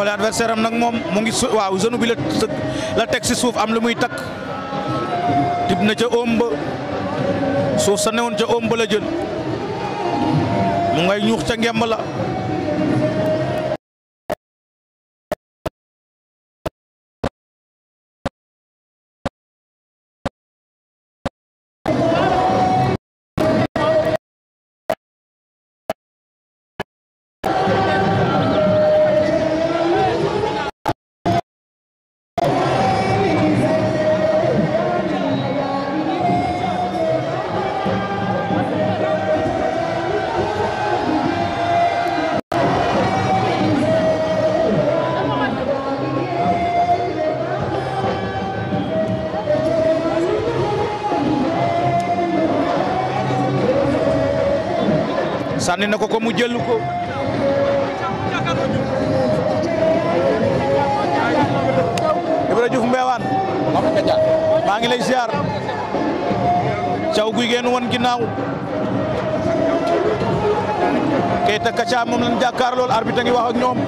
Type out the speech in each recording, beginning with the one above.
xoolee adversaire am nag moom mu ngi waaw genou bi la la teg si suuf am lu muy takk tib na ca omba suuf sa newoon ca omba la jël mu ngay ñuux ca ngembala ne na ko ko mu jël ko Ibra Diouf Mbewaan maa ngi lay ziar caw guy geen woon ginnaaw Keita Kacha moom lañ jàkkaar lool arbitre ngi wax ak ñoom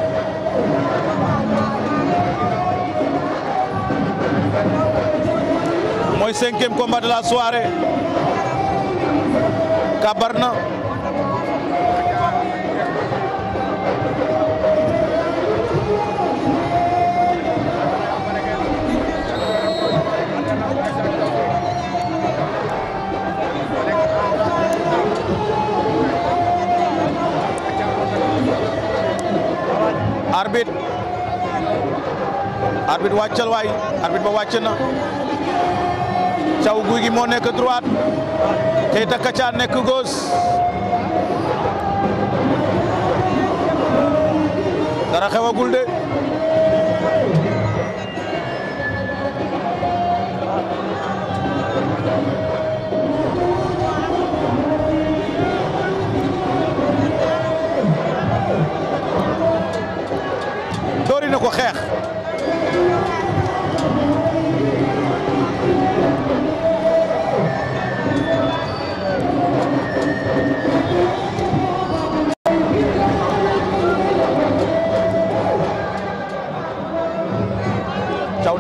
mooy cinquième combat de la kabar na arbitre arbitre wàccal waay arbitre ba wàcc na caw guy gi moo nekk droite Keita Kacha nekk gauche dara xewagul de doori na ko xeex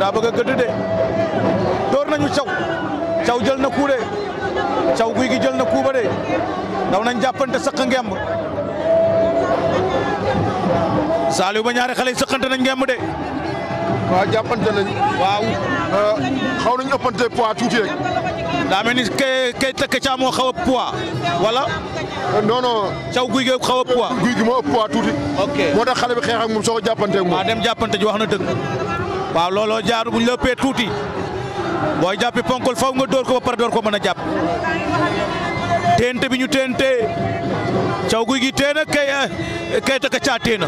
daa bëgg a gëdd de door nañu caw caw jël na kuu de caw guy gi jël na kuu ba de daw nañ jàppante sëq ngemb Saliou ba ñaari xale yi sëqante nañ ngemb de. waaw jàppante nañ waaw euh, xaw nañ ëppante poids tuuti rek daa mel ni kay kay tëkk caa moo xaw a poids wala euh, non non caw guy gi xaw a poids guy moo ëpp tuuti moo tax xale bi xeex ak moom soo ko jàppante ak moom ji wax na dëgg waaw looloo jaaru bu ñu la ëppee tuuti booy jàppi ponkol faw nga dóor ko ba pare door ko mën a jàpp téente bi ñu téente caw guy gi téena kay eh, kay taka caa téena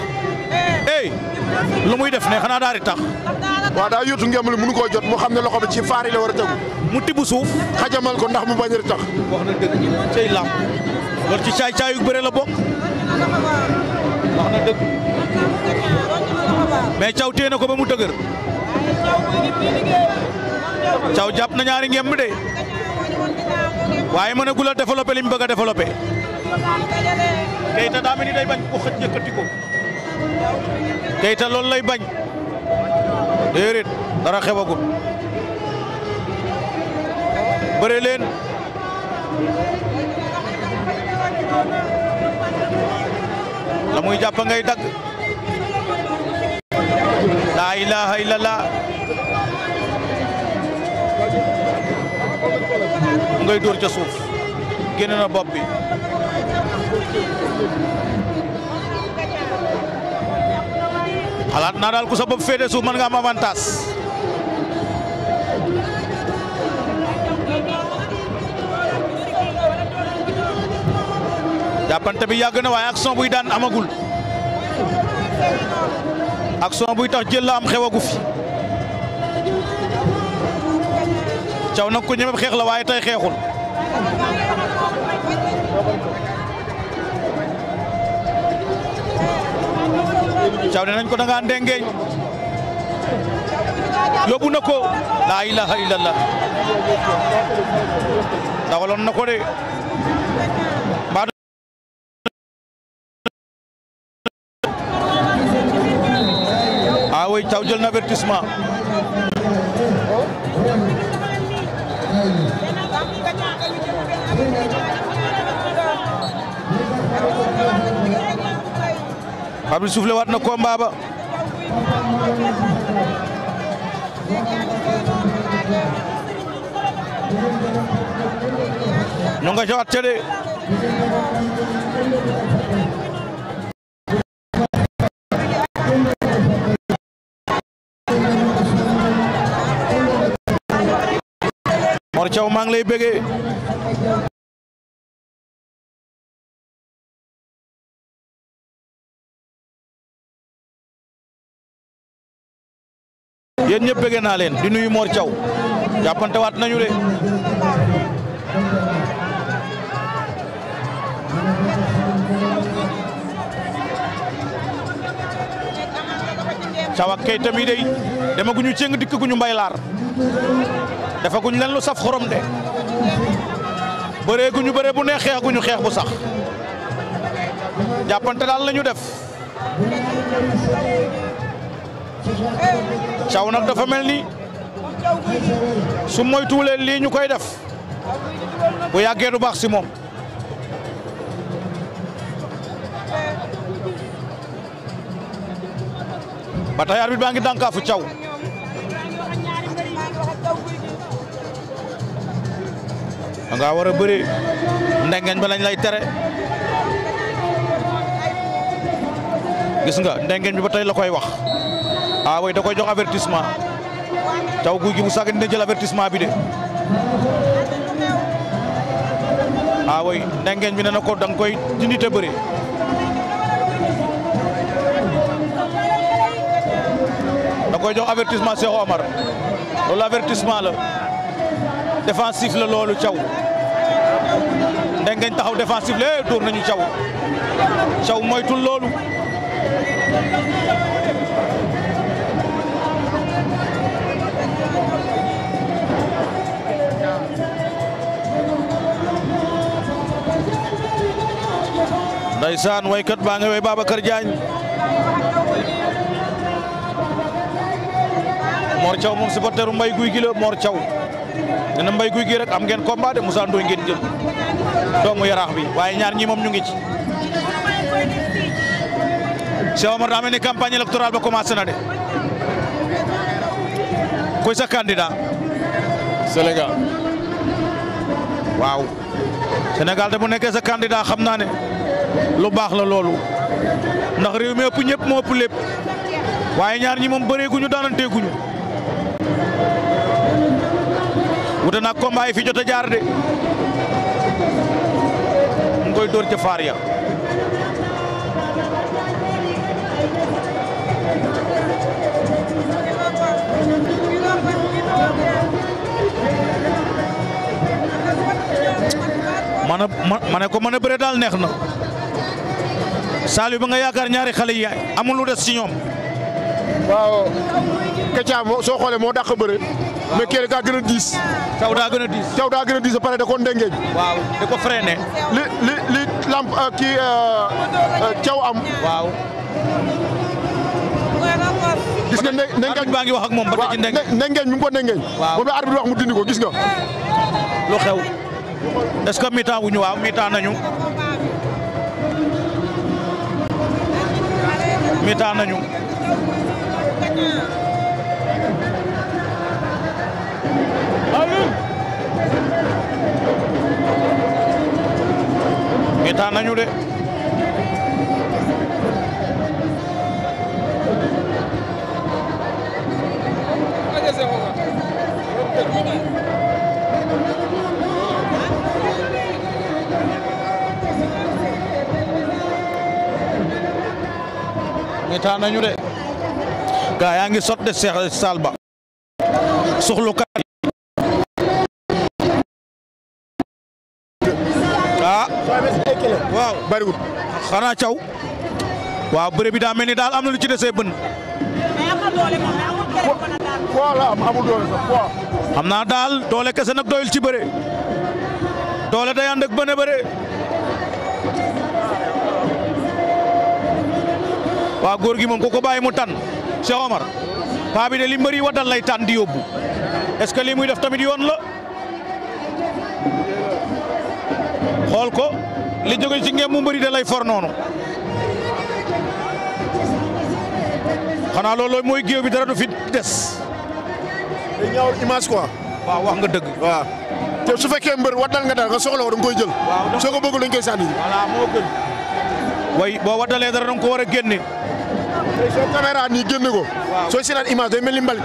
ey lu muy def ne xanaa daari tax waaw daa yóotu ngeen li mënu koo jot mu xam ne loxo bi ci faari la war a tegu mu tibb suuf xajamal ko ndax mu bañ a tax wax na dëgg cey lam loolu ci caay caayu bëre la bokk wax caw téena ko ba mu dëgër Thiaw jàpp na ñaari ngemb de waaye mën a gula développé li mu bëgg a développé Keita daa mel ni day bañ ko xëj yëkkati ko Keita loolu lay bañ déedéet dara xewagul bëre leen la muy jàpp ngay dagg laa ilaaha illallah mu ngay dóor ca suuf génne na bopp bi xalaat naa daal ku sa bopp féete suuf mën nga am avantage jàppante bi yàgg na waaye action buy daan amagul action buy tax jël la am xewagu fi caw nag ku ñeme xeex la waaye tey xeexul. caw nañ ko da ngaa yóbbu na ko laa ilaha illallah dawaloon na ko de ah oui jël na avertissement arbitre soufflé waat na combat ba ñu nga jawaat ca Mor Thiaw maa ngi lay bëggee. yéen ñëpp bëggee naa leen di nuyu Mor Thiaw jàppante waat nañu de. Caw ak Keita mii day demaguñu cëng ñu mbay laar defaguñ leen lu saf xorom de bëree guñu bëree bu neex xeex ñu xeex bu sax jàppante daal lañu def Caw nag dafa mel ni su moytuwulee lii ñu koy def bu yàggee du baax si moom. ba tey arbitre baa ngi dànkaafu caw da war a bëri ndengeñ ba lañ lay tere gis nga ndengeñ bi ba tey la koy wax ah da koy jox avertissement caw guy gi bu sàgg dina jël avertissement bi de ah way bi ne na ko da nga koy dindi te bëri koy jox avertissement Cheikh Omar loolu avertissement la défensif la loolu caw ndengeñ taxaw défensif la eh, dóor nañu caw caw moytul loolu ndaysaan waykat baa nga way Babacar Diagne Mor Thiaw moom supporteru mbay guuy gi le Mor Thiaw nee na Mbaye Gouy rek am ngeen combat de musa Ndoye ngeen jëm doomu yarax bi waye ñaar ñi mom ñu ngi ci. Cheikh Omar daa mel campagne électorale ba commencé na de ko sa candidat. Sénégal. waaw Sénégal da mu nekk sa candidat xamna ne lu bax la lolu ndax réew mi ëpp ñëpp mo ëpp lépp waye ñaar ñi guñu bëreeguñu guñu wuté nak combat yi fi jotta jaar de ngoy door ci ca faar ya mana ma ko mané béré dal nekhna salu bi nga yakar ñaari xalé yi ya. amul lu dess ci ñom waaw Katia soo xoolee moo dàq bëre. mais kii daa gën diis. caw daa gën diis ba pare da ko ndengeeñ. waaw da ko freiné. li li li lamp euh, kii caw euh, euh, am. waaw. gis nga ndengeeñ baa ngi wax ak moom ba ndengeeñ moom la arbitre wax mu dindi ko gis nga. lu xew est-ce wuñu waaw mi nañu. mi nañu. seetaan nañu de nañu de gaa yaa ngi sot de seex saal ah waaw bariwul xanaa caw waaw bëre bi daa mel ni daal am na lu ci desee bën poids am amul naa daal doole kese nag doyul ci bëre doole day ànd ak bëne bëre waaw góor gi moom ko ko bàyyi mu tànn se Omar paa bi de li mbëri waddal lay tànn di yóbbu est-ce que li muy def tamit yoon la xool ko li jóge ci ngeen mu mbëri da lay for noonu xanaa loolu mooy géew bi dara du fi des. day ñaawul image quoi. waaw wax nga dëgg. waaw te su fekkee mbër waddal nga dara nga soxla ko da koy jël. waaw soo bëggul dañ koy sànni. way boo waddalee dara da nga ko war a génne. tey soo caméra nii génne ko. soo seetaan image day mel ni mbalit.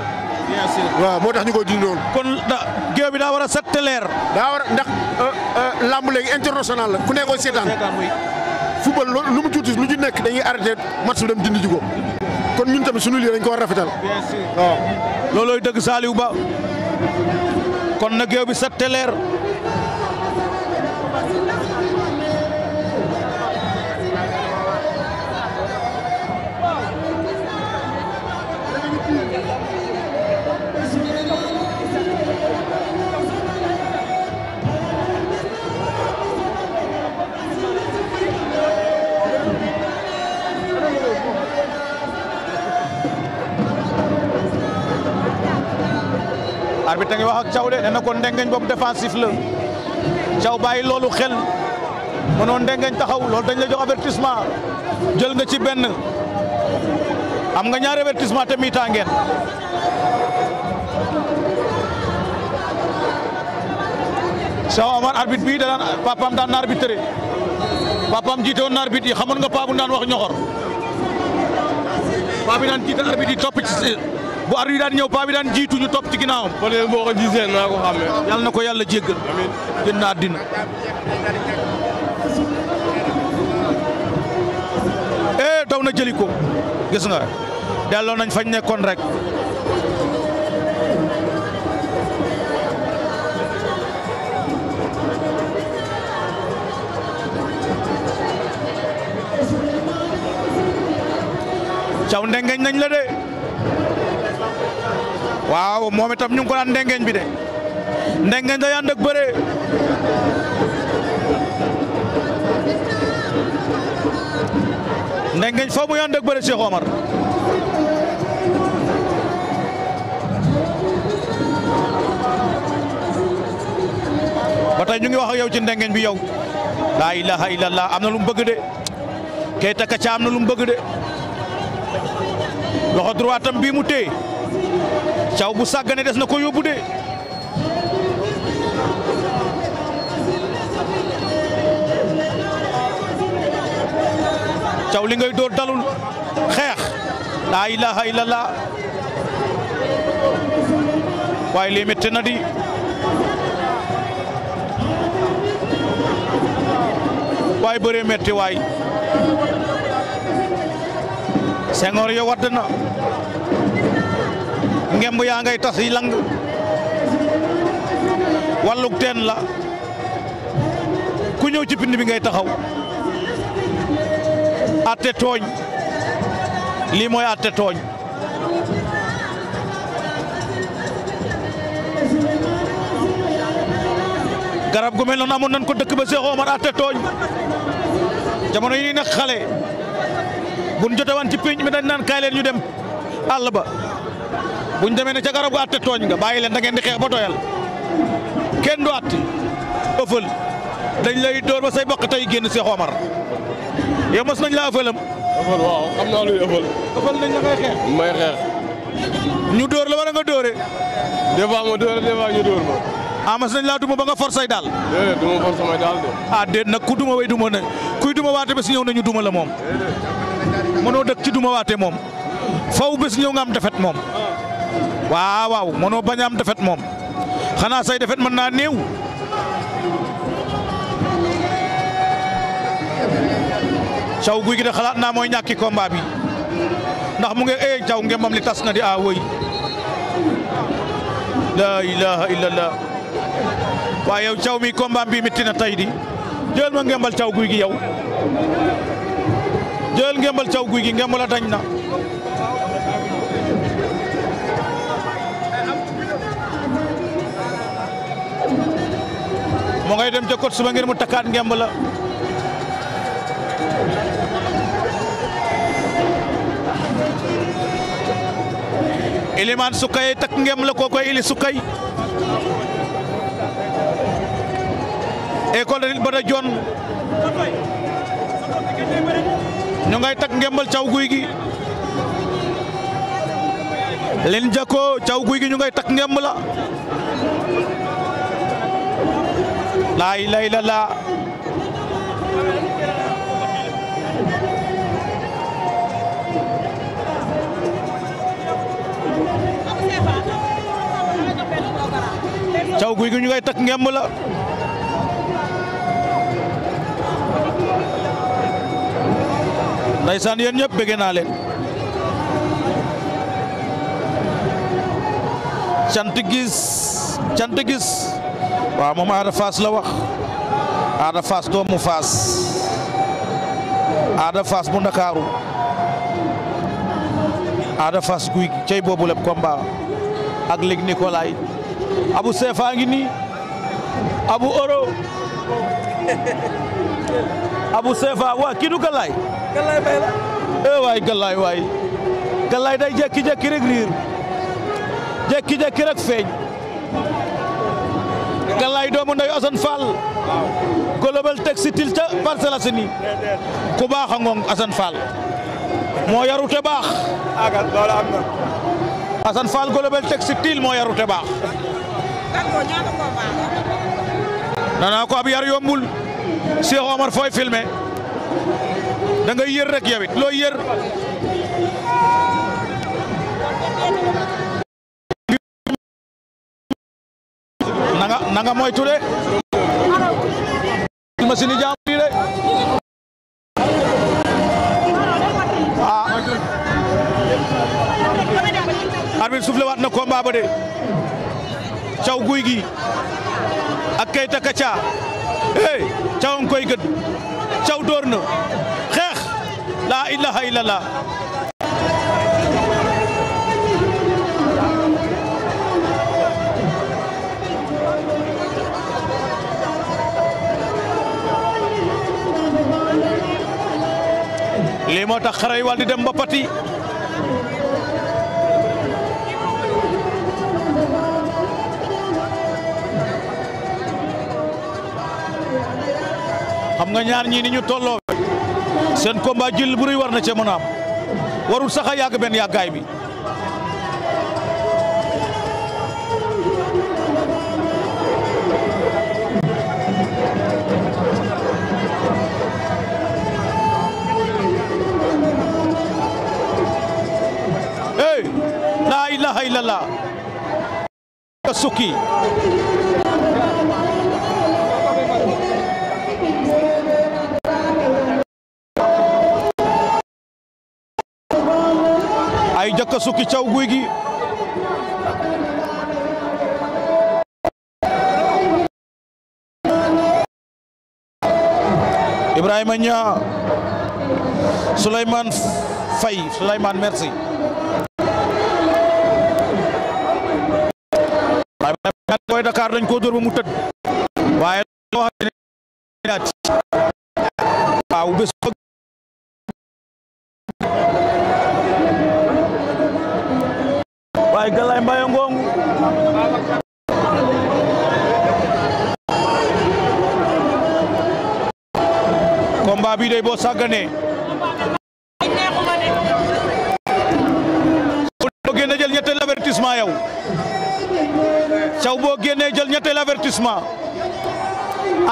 bien waaw moo tax ñu koy dindi noonu. kon da géew bi daa war a set te daa war a ndax euh, euh, làmb léegi international la ku nekkoon seetaan. football lu mu tuuti lu ci nekk dañuy arrêté match bi dem dindi ji ko kon ñun tamit suñu lii dañ ko war a rafetal. bien sûr waaw. loolooy dëgg Saliou Ba kon na géew bi set te arbitre ngi wax ak ciow de nee na ko ndengeñ boobu défensif la Thiaw bàyyi loolu xel mënoon ndengeñ taxaw lolou dañ la jox avertissement djel nga ci ben am nga ñaar avertissement te mi tàngeen ciow Amar arbitre bi daan papaam daan na arbitré papaam jiite arbitre yi nga papu daan wax ñoxor papi daan arbitre di top ci bu ar daan ñëw paa bi daan jiitu ñu topp ci ginnaawam. ba léegi boo ko gisee naa ko xàmmee. na ko yàlla jéggal. amiin génn àddina. eh na jëli ko gis nga delloo nañ fañ nekkoon rek. caw ndengeñ nañ la de waaw moom itam ñu ngi ko naan ndengeñ bi de ndengeñ day ànd ak bëre ndengeñ foo muy ànd ak bëre Cheikh Omar ba ñu ngi wax ak yow ci ndengeñ bi yow laa ilaha illallah am na lu mu bëgg de Keita Kacha am na lu mu bëgg de loxo droitam bii mu téye caw bu sàggane des na ko yóbbu de caw li ngay dóor dalul xeex laa ilaha illallah waaye lii métti na di waaye bëree métti waay Senghor yo wadd ngemb yaa ngay tas yi lang wàllug teen la ku ñëw ci pind bi ngay taxaw atte tooñ lii mooy atte tooñ garab gu mel noonu amoon nañ ko dëkk ba Cheikh Omar atte tooñ jamono yi ni nekk xale jote jotewan ci pénc mi dañ naan kaay ñu dem àll ba buñ demee ne ca garab ga atte tooñ nga bàyyi leen da ngeen di xeex ba doyal kenn du atte ëffël dañ lay dóor ba say bokk tey génn si xomar yow mos nañ laa ëffëlam. ëffël waaw xam naa luy ëffël. ëffël nañ la ngay xeex. ñu dóor la wala nga dóore. des fois ma dóore des fois dóor ma. ah mas nañ laa duma ba nga forcé daal. déedéet du ma may daal de. ah nag ku duma way duma ne kuy duma waate bés ñëw nañu duma la moom. déedéet mënoo dëkk ci duma waate moom. faw bés ñëw nga am moom. waaw waaw mënoo bañ a am defet moom xanaa say defet mën naa néew. caw guy gi de xalaat naa mooy ñàkki combat bi ndax mu ngi ee eh, caw ngembam li tas na di a ah, woy laa ilaha illallah waaye yow caw mi combat bi mitti na tey di jël ma ngembal caw guy gi yow jël ngembal caw guy gi ngembal a dañ na moo ngay dem ca kot suba ngir mu takkaat ngemb la Elimane Soukay takk ngemb la kookoy Ili Soukay école de nit ba da jon ñu ngay takk ngembal caw guy gi leen jako caw guy gi ñu ngay takk ngemb la La ilaha illallah. Caw guy quý ñu ngay takk ngemb la. Ndeysaan yéen ñëpp bëgg naa leen. cant gis cant waaw moom Ada Fass la wax Ada Fass doomu Fass Ada Fass bu Ndakaaru Ada Fass guy cey boobu lépp combat ak Luc Nicolaï Abu Sefa ngi nii Abu Oro Abu Sefa waa kii du Galaay Galaay bay la eh waay Galaay waay Galaay day jekki-jekki rek riir jekki-jekki rek feeñ mooy doomu ndeyu Assane Fall global textile ca Parcelles ku baax a ngoog Assane Fall moo yarute baax Assane Fall global textile moo yarute baax nana ko ab yar yombul Cheikh Omar fooy filmé da yër rek yow loo yër a nga moytu de machine yi jàmbur de ah arbitre soufflé waat na combat ba de caw guy gi ak Keita Kacha hey caw koy gën caw door na xeex laa ilaha illallah lii moo tax xare yi wal di dem ba pati xam nga ñaar ñii ni ñu tolloo seen combat jël bu war na cee mën a am warul sax a yàgg benn yàggaay bi ilaha illallah sukki ay jëkk sukki caw guy gi Ibrahima Ña Souleymane Faye Souleymane merci waaye man booy Dakar dañ koo dóor ba mu tëdd waaye loo xam day boo sàgganee neexuma ne bu génn jël avertissement yow caw boo génnee jël ñetteel avertissement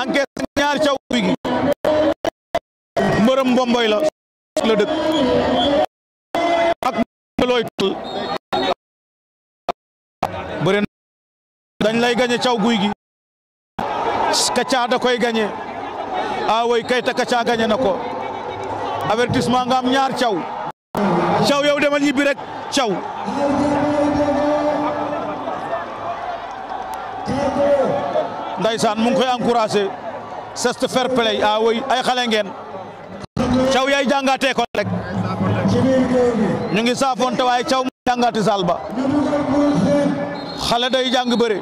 encaisse ñaar caw guy gi mbërëm mbomboy la dëkk ak looy tal bëri dañ lay gañe caw guy gi kacaa da koy gañe awoy kayta kacaa gañe na ko avertissement nga am ñaar caw caw yow demal ñibbi rek caw ndaysaan mu ngi koy encouragé c'est fair play a ah woy ay xale caw yaay jàngatee ko rek ñu ngi saafonte waaye caw mu jàngati saal xale day jàng bëre